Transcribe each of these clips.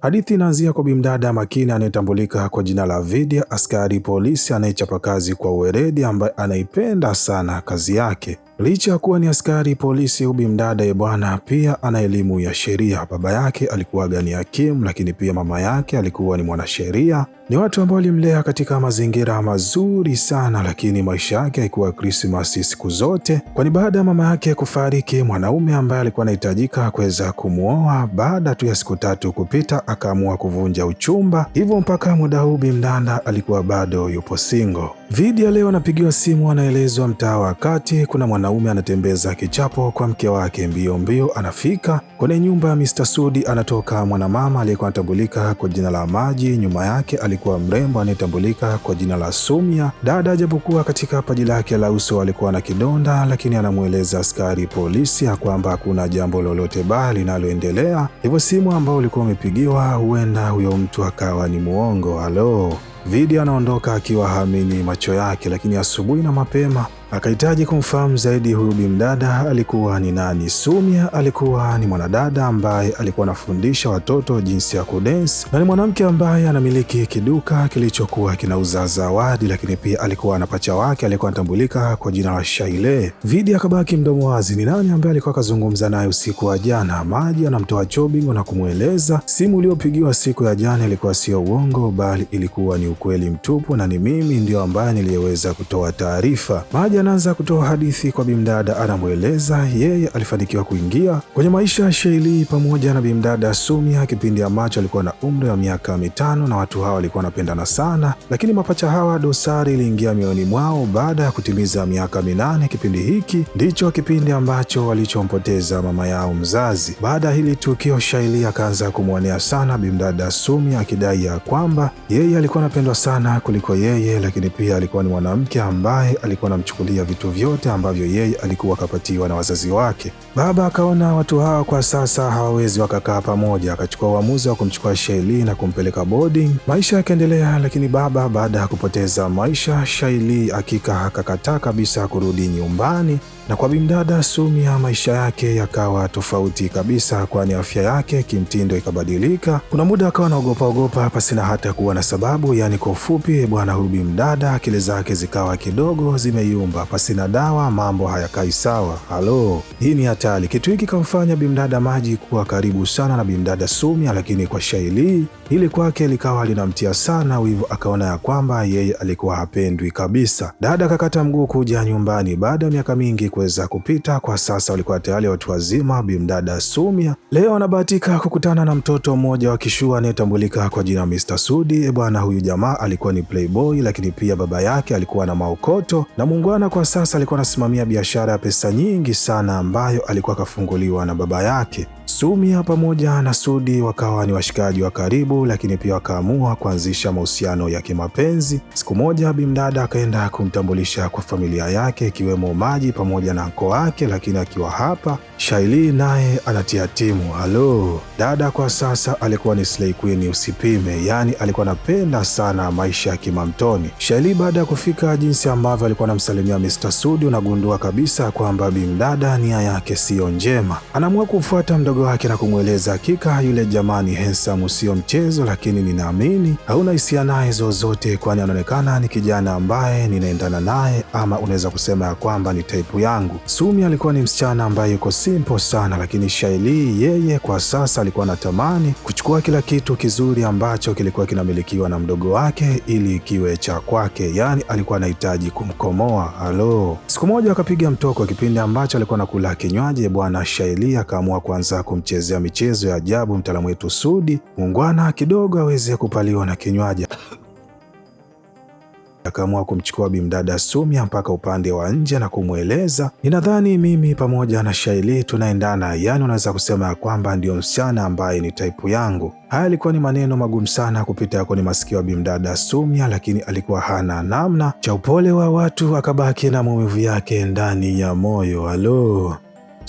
Hadithi inaanzia kwa bimdada makini anayetambulika kwa jina la Vidya, askari polisi anayechapa kazi kwa uweledi, ambaye anaipenda sana kazi yake. Licha ya kuwa ni askari polisi, Ubi Mdada bwana pia ana elimu ya sheria. Baba yake alikuwaga ni hakimu, lakini pia mama yake alikuwa ni mwanasheria. Ni watu ambao walimlea katika mazingira mazuri sana, lakini maisha yake haikuwa Krismasi siku zote, kwani baada ya mama yake kufariki, mwanaume ambaye alikuwa anahitajika kuweza kumwoa, baada tu ya siku tatu kupita, akaamua kuvunja uchumba. Hivyo mpaka muda huu Bi Mdada alikuwa bado yupo single. Vidya leo anapigiwa simu, anaelezwa mtaa wa kati kuna mwanaume anatembeza kichapo kwa mke wake mbio mbio. Anafika kwenye nyumba ya Mr. Sudi, anatoka mwanamama aliyekuwa anatambulika kwa jina la Maji. Nyuma yake alikuwa mrembo anayetambulika kwa jina la Sumia, dada, japokuwa katika paji lake la uso alikuwa na kidonda, lakini anamweleza askari polisi ya kwamba hakuna jambo lolote baya linaloendelea. Hivyo simu ambao ulikuwa umepigiwa, huenda huyo mtu akawa ni muongo. Halo. Video anaondoka akiwa haamini macho yake, lakini asubuhi na mapema Akahitaji kumfahamu zaidi huyu bimdada alikuwa ni nani. Sumia alikuwa ni mwanadada ambaye alikuwa anafundisha watoto jinsi ya kudensi na ni mwanamke ambaye anamiliki kiduka kilichokuwa kinauza zawadi, lakini pia alikuwa na pacha wake alikuwa anatambulika kwa jina la Shaile. Vidi akabaki mdomo wazi, ni nani ambaye alikuwa akazungumza naye usiku wa jana? Maji anamtoa Chobingo na kumweleza simu iliyopigiwa siku ya jana ilikuwa sio uongo, bali ilikuwa ni ukweli mtupu na ni mimi ndio ambaye niliyeweza kutoa taarifa. Maji anaanza kutoa hadithi kwa bimdada, anamweleza yeye alifanikiwa kuingia kwenye maisha ya Sheili pamoja na bimdada Sumia kipindi ambacho alikuwa na umri wa miaka mitano, na watu hawa walikuwa wanapendana sana, lakini mapacha hawa dosari iliingia mioyoni mwao baada ya kutimiza miaka minane. Kipindi hiki ndicho kipindi ambacho walichompoteza mama yao mzazi. Baada ya hili tukio, shaili akaanza kumwonea sana bimdada Sumia akidai ya kwamba yeye alikuwa anapendwa sana kuliko yeye, lakini pia alikuwa ni mwanamke ambaye alikuwa anamchukulia maswali ya vitu vyote ambavyo yeye alikuwa akapatiwa na wazazi wake. Baba akaona watu hawa kwa sasa hawawezi wakakaa pamoja, akachukua uamuzi wa kumchukua Shaili na kumpeleka boarding. Maisha yakaendelea, lakini baba baada ya kupoteza maisha, Shaili hakika akakataa kabisa kurudi nyumbani na kwa bimdada Sumia maisha yake yakawa tofauti kabisa, kwani afya yake kimtindo ikabadilika. Kuna muda akawa naogopaogopa pasina hata kuwa na sababu, yaani kwa ufupi bwana huyu bimdada akili zake zikawa kidogo zimeyumba, pasina dawa mambo hayakai sawa. Halo, hii ni hatari. Kitu hiki kamfanya bimdada Maji kuwa karibu sana na bimdada Sumia, lakini kwa shaili hili kwake likawa linamtia sana wivu, akaona ya kwamba yeye alikuwa hapendwi kabisa. Dada akakata mguu kuja nyumbani baada ya miaka mingi kuweza kupita. Kwa sasa walikuwa tayari watu wazima. Bimdada Sumia leo anabahatika kukutana na mtoto mmoja wa kishua anayetambulika kwa jina Mr. Sudi. E bwana, huyu jamaa alikuwa ni playboy, lakini pia baba yake alikuwa na maokoto na muungwana. Kwa sasa alikuwa anasimamia biashara ya pesa nyingi sana ambayo alikuwa akafunguliwa na baba yake. Sumia pamoja na Sudi wakawa ni washikaji wa karibu, lakini pia wakaamua kuanzisha mahusiano ya kimapenzi. Siku moja, Bimdada akaenda kumtambulisha kwa familia yake ikiwemo Maji pamoja na ukoo wake, lakini akiwa hapa Shaili naye anatia timu. Halo dada, kwa sasa alikuwa ni slay queen usipime, yaani alikuwa anapenda sana maisha ya kimamtoni. Shaili baada ya kufika, jinsi ambavyo alikuwa anamsalimia Mr. Sudi, unagundua kabisa kwamba Bimdada nia yake siyo njema, anaamua kumfuata mdogo mdogo wake na kumweleza hakika, yule jamani handsome sio mchezo, lakini ninaamini hauna hisia naye zozote, kwani anaonekana ni kijana ambaye ninaendana naye, ama unaweza kusema ya kwamba ni taipu yangu. Sumi alikuwa ni msichana ambaye yuko simple sana, lakini Shailii yeye kwa sasa alikuwa anatamani kuchukua kila kitu kizuri ambacho kilikuwa kinamilikiwa na mdogo wake ili kiwe cha kwake, yaani alikuwa anahitaji kumkomoa. Halo, siku moja akapiga mtoko, kipindi ambacho alikuwa anakula kinywaji, bwana shaili akaamua kuanza kumchezea michezo ya ajabu mtaalamu wetu Sudi, Mungwana kidogo aweze kupaliwa na kinywaji. Akaamua kumchukua bimdada Sumia mpaka upande wa nje na kumweleza, ninadhani mimi pamoja na Shaili tunaendana, yaani unaweza kusema ya kwamba ndiyo msichana ambaye ni taipu yangu. Haya yalikuwa ni maneno magumu sana kupita kwenye masikio ya bimdada Sumia, lakini alikuwa hana namna. Cha upole wa watu akabaki na maumivu yake ndani ya moyo. Halo.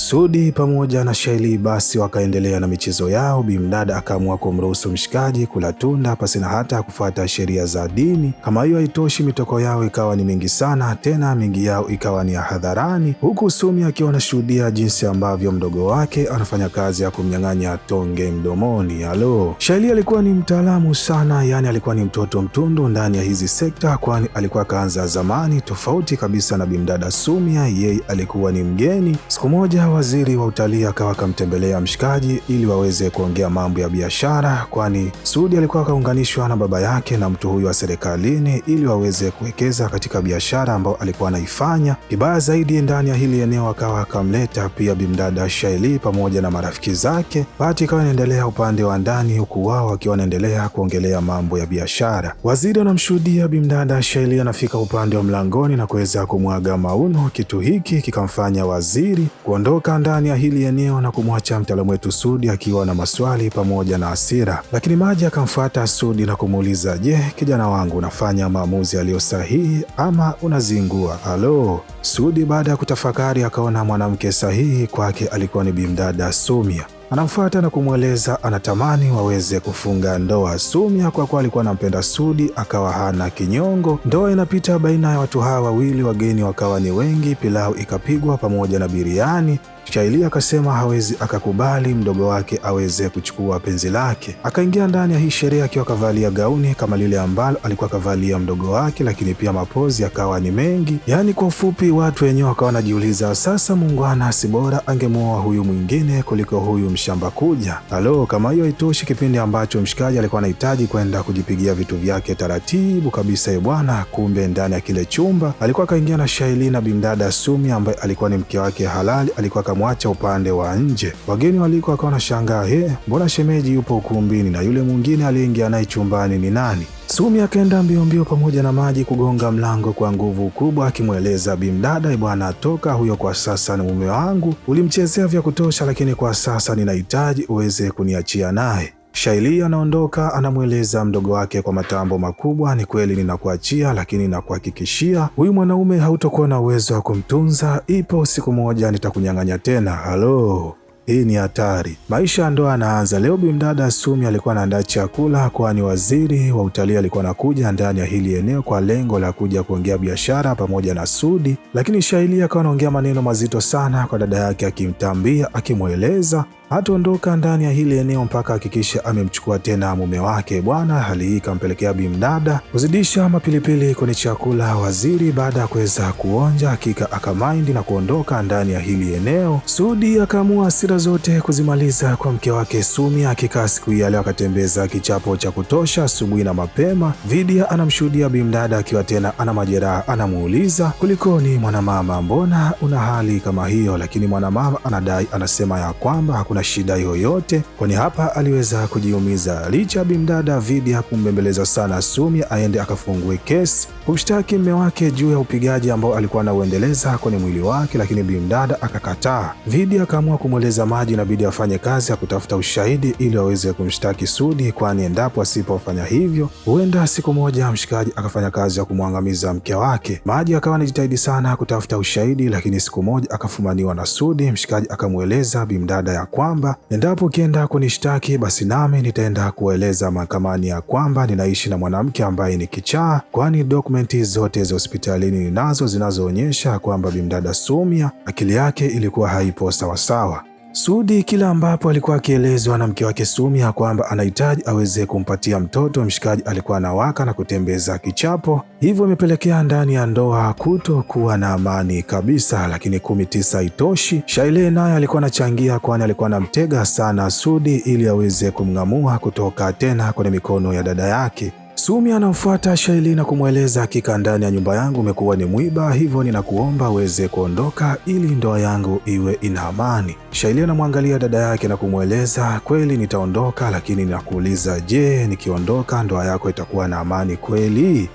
Sudi pamoja na Shaili basi wakaendelea na michezo yao. Bimdada akaamua kumruhusu mshikaji kula tunda pasina hata kufuata sheria za dini. Kama hiyo haitoshi, mitoko yao ikawa ni mingi sana, tena mingi yao ikawa ni ya hadharani, huku Sumi akiwa anashuhudia jinsi ambavyo mdogo wake anafanya kazi ya kumnyang'anya tonge mdomoni. Alo, Shaili alikuwa ni mtaalamu sana, yani alikuwa ni mtoto mtundu ndani ya hizi sekta, kwani alikuwa akaanza zamani, tofauti kabisa na bimdada Sumia. Yeye alikuwa ni mgeni. Siku moja waziri wa utalii akawa akamtembelea mshikaji ili waweze kuongea mambo ya biashara, kwani Sudi alikuwa akaunganishwa na baba yake na mtu huyo wa serikalini ili waweze kuwekeza katika biashara ambayo alikuwa anaifanya. Kibaya zaidi ndani ya hili eneo akawa akamleta pia bimdada Shaili pamoja na marafiki zake. Pati ikawa inaendelea upande wa ndani, huku wao wakiwa wanaendelea kuongelea mambo ya biashara. Waziri anamshuhudia bimdada Shaili anafika upande wa mlangoni na kuweza kumwaga mauno. Kitu hiki kikamfanya waziri kuondoka Tunatoka ndani ya hili eneo na kumwacha mtaalamu wetu Sudi akiwa na maswali pamoja na hasira, lakini Maji akamfuata Sudi na kumuuliza, je, kijana wangu unafanya maamuzi yaliyo sahihi ama unazingua? Halo Sudi baada ya kutafakari akaona mwanamke sahihi kwake alikuwa ni bimdada Sumia anamfuata na kumweleza anatamani waweze kufunga ndoa. Sumia kwa kuwa alikuwa anampenda Sudi akawa hana kinyongo. Ndoa inapita baina ya watu hawa wawili, wageni wakawa ni wengi, pilau ikapigwa pamoja na biriani. Shaili akasema hawezi akakubali mdogo wake aweze kuchukua penzi lake. Akaingia ndani ya hii sherehe akiwa akavalia gauni kama lile ambalo alikuwa akavalia mdogo wake, lakini pia mapozi akawa ni mengi. Yaani kwa ufupi, watu wenyewe wakawa wanajiuliza sasa, muungwana si bora angemwoa huyu mwingine kuliko huyu mshamba kuja. Halo, kama hiyo haitoshi, kipindi ambacho mshikaji alikuwa anahitaji kwenda kujipigia vitu vyake taratibu kabisa, ye bwana, kumbe ndani ya kile chumba alikuwa akaingia na Shaili na bimdada Sumi ambaye alikuwa ni mke wake halali, alikuwa akamwacha upande wa nje. Wageni waliko na shangaa he, mbona shemeji yupo ukumbini na yule mwingine aliyeingia naye chumbani ni nani? Sumi akaenda mbio mbio pamoja na maji kugonga mlango kwa nguvu kubwa, akimweleza bimdada, ee bwana toka huyo, kwa sasa ni mume wangu, ulimchezea vya kutosha, lakini kwa sasa ninahitaji uweze kuniachia naye. Shaili anaondoka, anamweleza mdogo wake kwa matambo makubwa, ni kweli ninakuachia, lakini nakuhakikishia huyu mwanaume hautakuwa na uwezo wa kumtunza. Ipo siku moja nitakunyang'anya tena. Halo, hii ni hatari. Maisha ya ndoa anaanza leo. Bimdada Sumi alikuwa anaandaa chakula, kwani waziri wa utalii alikuwa anakuja ndani ya hili eneo kwa lengo la kuja kuongea biashara pamoja na Sudi, lakini Shaili akawa anaongea maneno mazito sana kwa dada yake, akimtambia, akimweleza hataondoka ndani ya hili eneo mpaka hakikisha amemchukua tena mume wake bwana. Hali hii ikampelekea Bimdada kuzidisha mapilipili kwenye chakula waziri, baada ya kuweza kuonja hakika akamaindi na kuondoka ndani ya hili eneo. Sudi akaamua hasira zote kuzimaliza kwa mke wake Sumi. Hakika siku hii leo akatembeza kichapo cha kutosha asubuhi na mapema. Vidia anamshuhudia Bimdada akiwa tena ana majeraha, anamuuliza kulikoni mwanamama, mbona una hali kama hiyo? Lakini mwanamama anadai anasema ya kwamba hakuna kuna shida yoyote, kwani hapa aliweza kujiumiza. Licha ya bimdada Davidi hakumbembeleza sana Sumi aende akafungue kesi kumshtaki mme wake juu ya upigaji ambao alikuwa anauendeleza kwenye mwili wake, lakini bimdada akakataa. Vidi akaamua kumweleza Maji inabidi afanye kazi ya kutafuta ushahidi ili aweze kumshtaki Sudi, kwani endapo asipofanya hivyo, huenda siku moja mshikaji akafanya kazi ya kumwangamiza mke wake. Maji akawa anajitahidi sana kutafuta ushahidi, lakini siku moja akafumaniwa na Sudi. Mshikaji akamweleza bimdada ya kwa kwamba endapo ukienda kunishtaki, basi nami nitaenda kueleza mahakamani ya kwamba ninaishi na mwanamke ambaye ni kichaa, kwani dokumenti zote za hospitalini ninazo zinazoonyesha kwamba bimdada Sumia akili yake ilikuwa haipo sawasawa. Sudi kila ambapo alikuwa akielezwa na mke wake Sumia kwamba anahitaji aweze kumpatia mtoto, mshikaji alikuwa anawaka na kutembeza kichapo, hivyo imepelekea ndani ya ndoa kutokuwa na amani kabisa. Lakini kumi tisa itoshi, Shaile naye alikuwa anachangia, kwani alikuwa anamtega sana Sudi ili aweze kumng'amua kutoka tena kwenye mikono ya dada yake. Sumi anamfuata Shaili na kumweleza hakika, ndani ya nyumba yangu umekuwa ni mwiba, hivyo ninakuomba uweze kuondoka ili ndoa yangu iwe ina amani. Shaili anamwangalia dada yake na kumweleza, kweli nitaondoka, lakini ninakuuliza, je, nikiondoka ndoa yako itakuwa na amani kweli?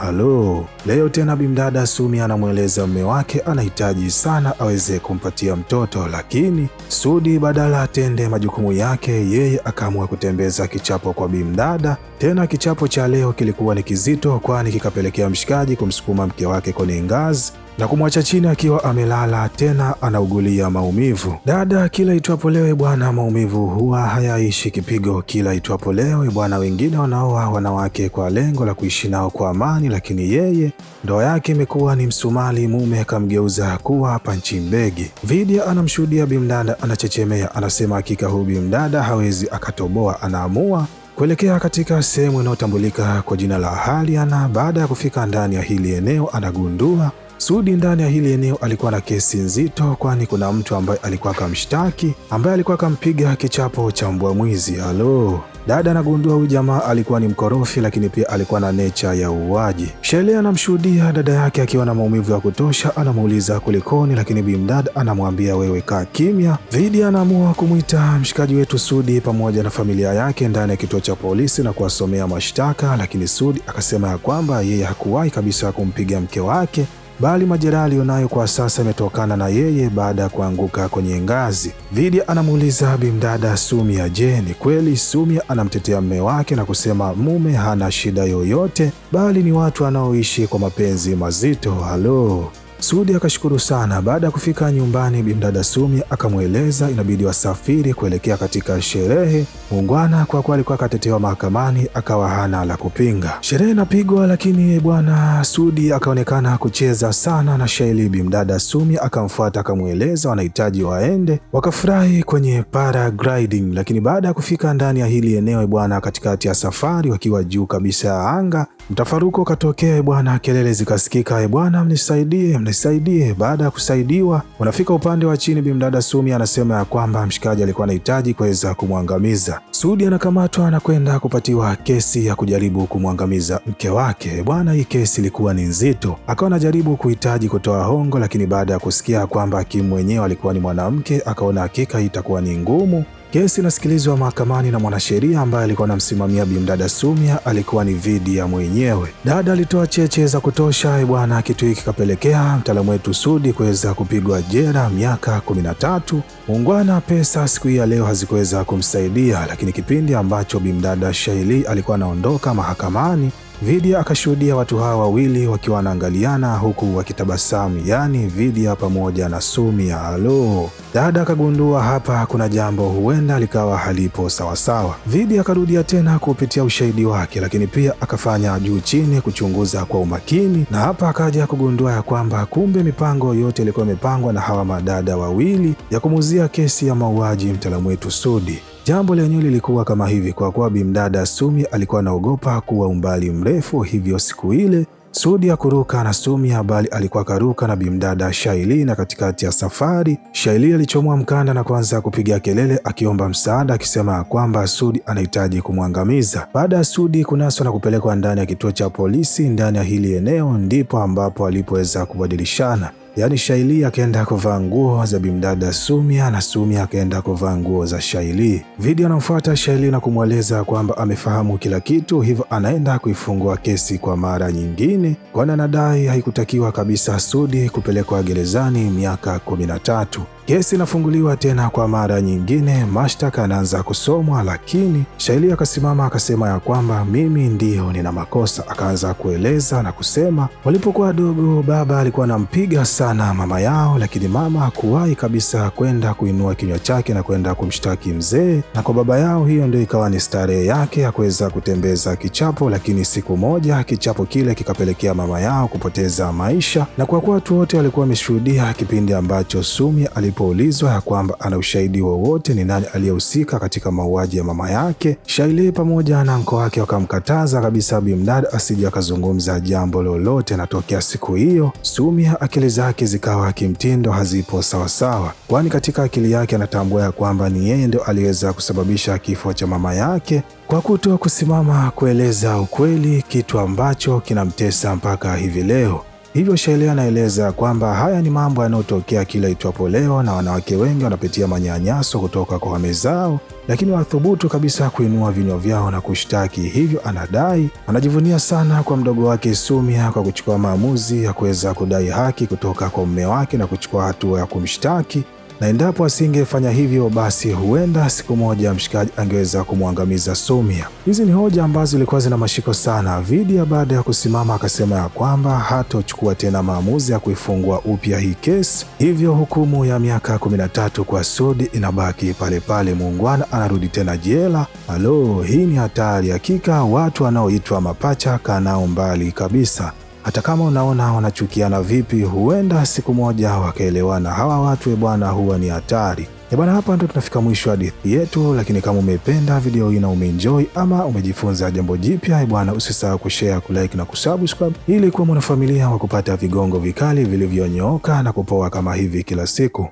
Halo, leo tena bimdada Sumi anamweleza mume wake anahitaji sana aweze kumpatia mtoto, lakini Sudi badala atende majukumu yake, yeye akaamua kutembeza kichapo kwa bimdada. Tena kichapo cha leo kilikuwa ni kizito, kwani kikapelekea mshikaji kumsukuma mke wake kwenye ngazi na kumwacha chini akiwa amelala tena anaugulia maumivu. Dada kila itwapo leo e bwana, maumivu huwa hayaishi kipigo. Kila itwapo leo e bwana, wengine wanaoa wanawake kwa lengo la kuishi nao kwa amani, lakini yeye ndoa yake imekuwa ni msumali, mume akamgeuza kuwa panchi mbege Vidya anamshuhudia bimdada anachechemea, anasema hakika huyu bimdada hawezi akatoboa, anaamua kuelekea katika sehemu inayotambulika kwa jina la Haliana. Baada ya kufika ndani ya hili eneo, anagundua Sudi ndani ya hili eneo alikuwa na kesi nzito, kwani kuna mtu ambaye alikuwa akamshtaki, ambaye alikuwa akampiga kichapo cha mbwa mwizi. Halo dada anagundua huyu jamaa alikuwa ni mkorofi, lakini pia alikuwa na necha ya uuaji. Shelley anamshuhudia dada yake akiwa na maumivu ya kutosha, anamuuliza kulikoni, lakini Bimdad anamwambia wewe kaa kimya. vidi anaamua kumwita mshikaji wetu Sudi pamoja na familia yake ndani ya kituo cha polisi na kuwasomea mashtaka, lakini Sudi akasema ya kwamba yeye hakuwahi kabisa kumpiga mke wake bali majeraha aliyonayo kwa sasa yametokana na yeye baada ya kuanguka kwenye ngazi. Vidya anamuuliza bimdada Sumia, je, ni kweli? Sumia anamtetea mume wake na kusema mume hana shida yoyote, bali ni watu wanaoishi kwa mapenzi mazito. Halo, Sudi akashukuru sana. Baada ya kufika nyumbani, bimdada Sumi akamweleza inabidi wasafiri kuelekea katika sherehe. Muungwana kwa kuwa alikuwa akatetewa mahakamani, akawa hana la kupinga. Sherehe inapigwa, lakini bwana Sudi akaonekana kucheza sana na shaili Bimdada Sumi akamfuata akamweleza wanahitaji waende, wakafurahi kwenye paragliding. Lakini baada ya kufika ndani ya hili eneo bwana, katikati ya safari, wakiwa juu kabisa ya anga, mtafaruko katokea bwana, kelele zikasikika, bwana mnisaidie nisaidie. Baada ya kusaidiwa, unafika upande wa chini, bimdada Sumi anasema ya kwamba mshikaji alikuwa anahitaji kuweza kumwangamiza. Sudi anakamatwa na kwenda kupatiwa kesi ya kujaribu kumwangamiza mke wake. Bwana, hii kesi ilikuwa ni nzito, akawa anajaribu kuhitaji kutoa hongo, lakini baada ya kusikia kwamba hakimu mwenyewe alikuwa ni mwanamke, akaona hakika itakuwa ni ngumu Kesi inasikilizwa mahakamani na mwanasheria ambaye alikuwa anamsimamia bimdada Sumia alikuwa ni Vidia mwenyewe. Dada alitoa cheche za kutosha eh bwana, kitu hiki kapelekea mtaalamu wetu Sudi kuweza kupigwa jela miaka 13. Muungwana pesa siku hii ya leo hazikuweza kumsaidia, lakini kipindi ambacho bimdada Shaili alikuwa anaondoka mahakamani Vidya akashuhudia watu hawa wawili wakiwa wanaangaliana huku wakitabasamu, yaani Vidya pamoja na Sumia. Alo, dada akagundua hapa kuna jambo huenda likawa halipo sawasawa. Vidya akarudia tena kupitia ushahidi wake, lakini pia akafanya juu chini kuchunguza kwa umakini, na hapa akaja kugundua ya kwamba kumbe mipango yote ilikuwa imepangwa na hawa madada wawili ya kumuuzia kesi ya mauaji mtaalamu wetu Sudi. Jambo lenyewe lilikuwa kama hivi, kwa kuwa bimdada Sumi alikuwa anaogopa kuwa umbali mrefu, hivyo siku ile Sudi hakuruka na Sumia bali alikuwa karuka na bimdada Shaili, na katikati ya safari Shaili alichomwa mkanda na kuanza kupiga kelele akiomba msaada, akisema kwamba Sudi anahitaji kumwangamiza. Baada ya Sudi kunaswa na kupelekwa ndani ya kituo cha polisi ndani ya hili eneo, ndipo ambapo alipoweza kubadilishana Yaani Shaili akaenda kuvaa nguo za bimdada Sumia na Sumia akaenda kuvaa nguo za Shaili. Video anamfuata Shaili na kumweleza kwamba amefahamu kila kitu, hivyo anaenda kuifungua kesi kwa mara nyingine, kwani anadai haikutakiwa kabisa Sudi kupelekwa gerezani miaka 13. Kesi inafunguliwa tena kwa mara nyingine, mashtaka yanaanza kusomwa, lakini Shaili akasimama akasema ya kwamba mimi ndiyo nina makosa. Akaanza kueleza na kusema walipokuwa wadogo, baba alikuwa anampiga sana mama yao, lakini mama hakuwahi kabisa kwenda kuinua kinywa chake na kwenda kumshtaki mzee. Na kwa baba yao, hiyo ndio ikawa ni starehe yake, ya kuweza kutembeza kichapo. Lakini siku moja kichapo kile kikapelekea mama yao kupoteza maisha, na kwa kuwa watu wote walikuwa wameshuhudia kipindi ambacho Sumi alipoulizwa ya kwamba ana ushahidi wowote ni nani aliyehusika katika mauaji ya mama yake, Shaile pamoja na mko wake wakamkataza kabisa Bimdad asije akazungumza jambo lolote. Na tokea siku hiyo Sumi akieleza zake zikawa kimtindo hazipo sawasawa, kwani katika akili yake anatambua ya kwamba ni yeye ndio aliweza kusababisha kifo cha mama yake kwa kuto kusimama kueleza ukweli, kitu ambacho kinamtesa mpaka hivi leo. Hivyo Shailee anaeleza kwamba haya ni mambo yanayotokea kila itwapo leo, na wanawake wengi wanapitia manyanyaso kutoka kwa wame zao, lakini wathubutu kabisa kuinua vinywa vyao na kushtaki. Hivyo anadai anajivunia sana kwa mdogo wake Sumia kwa kuchukua maamuzi ya kuweza kudai haki kutoka kwa mume wake na kuchukua hatua ya kumshtaki na endapo asingefanya hivyo, basi huenda siku moja mshikaji angeweza kumwangamiza Sumia. Hizi ni hoja ambazo ilikuwa zina mashiko sana. Vidya baada ya kusimama akasema ya kwamba hatochukua tena maamuzi ya kuifungua upya hii kesi, hivyo hukumu ya miaka 13 kwa Sudi inabaki pale pale. Muungwana anarudi tena jela. Halo, hii ni hatari. Hakika watu wanaoitwa mapacha kanao mbali kabisa hata kama unaona wanachukiana vipi, huenda siku moja wakaelewana. Hawa watu eh, bwana, huwa ni hatari eh, bwana. Hapa ndo tunafika mwisho hadithi yetu, lakini kama umependa video hii na umeenjoy ama umejifunza jambo jipya eh, bwana, usisahau kushare, kulike na kusubscribe ili kuwa mwanafamilia wa kupata vigongo vikali vilivyonyooka na kupoa kama hivi kila siku.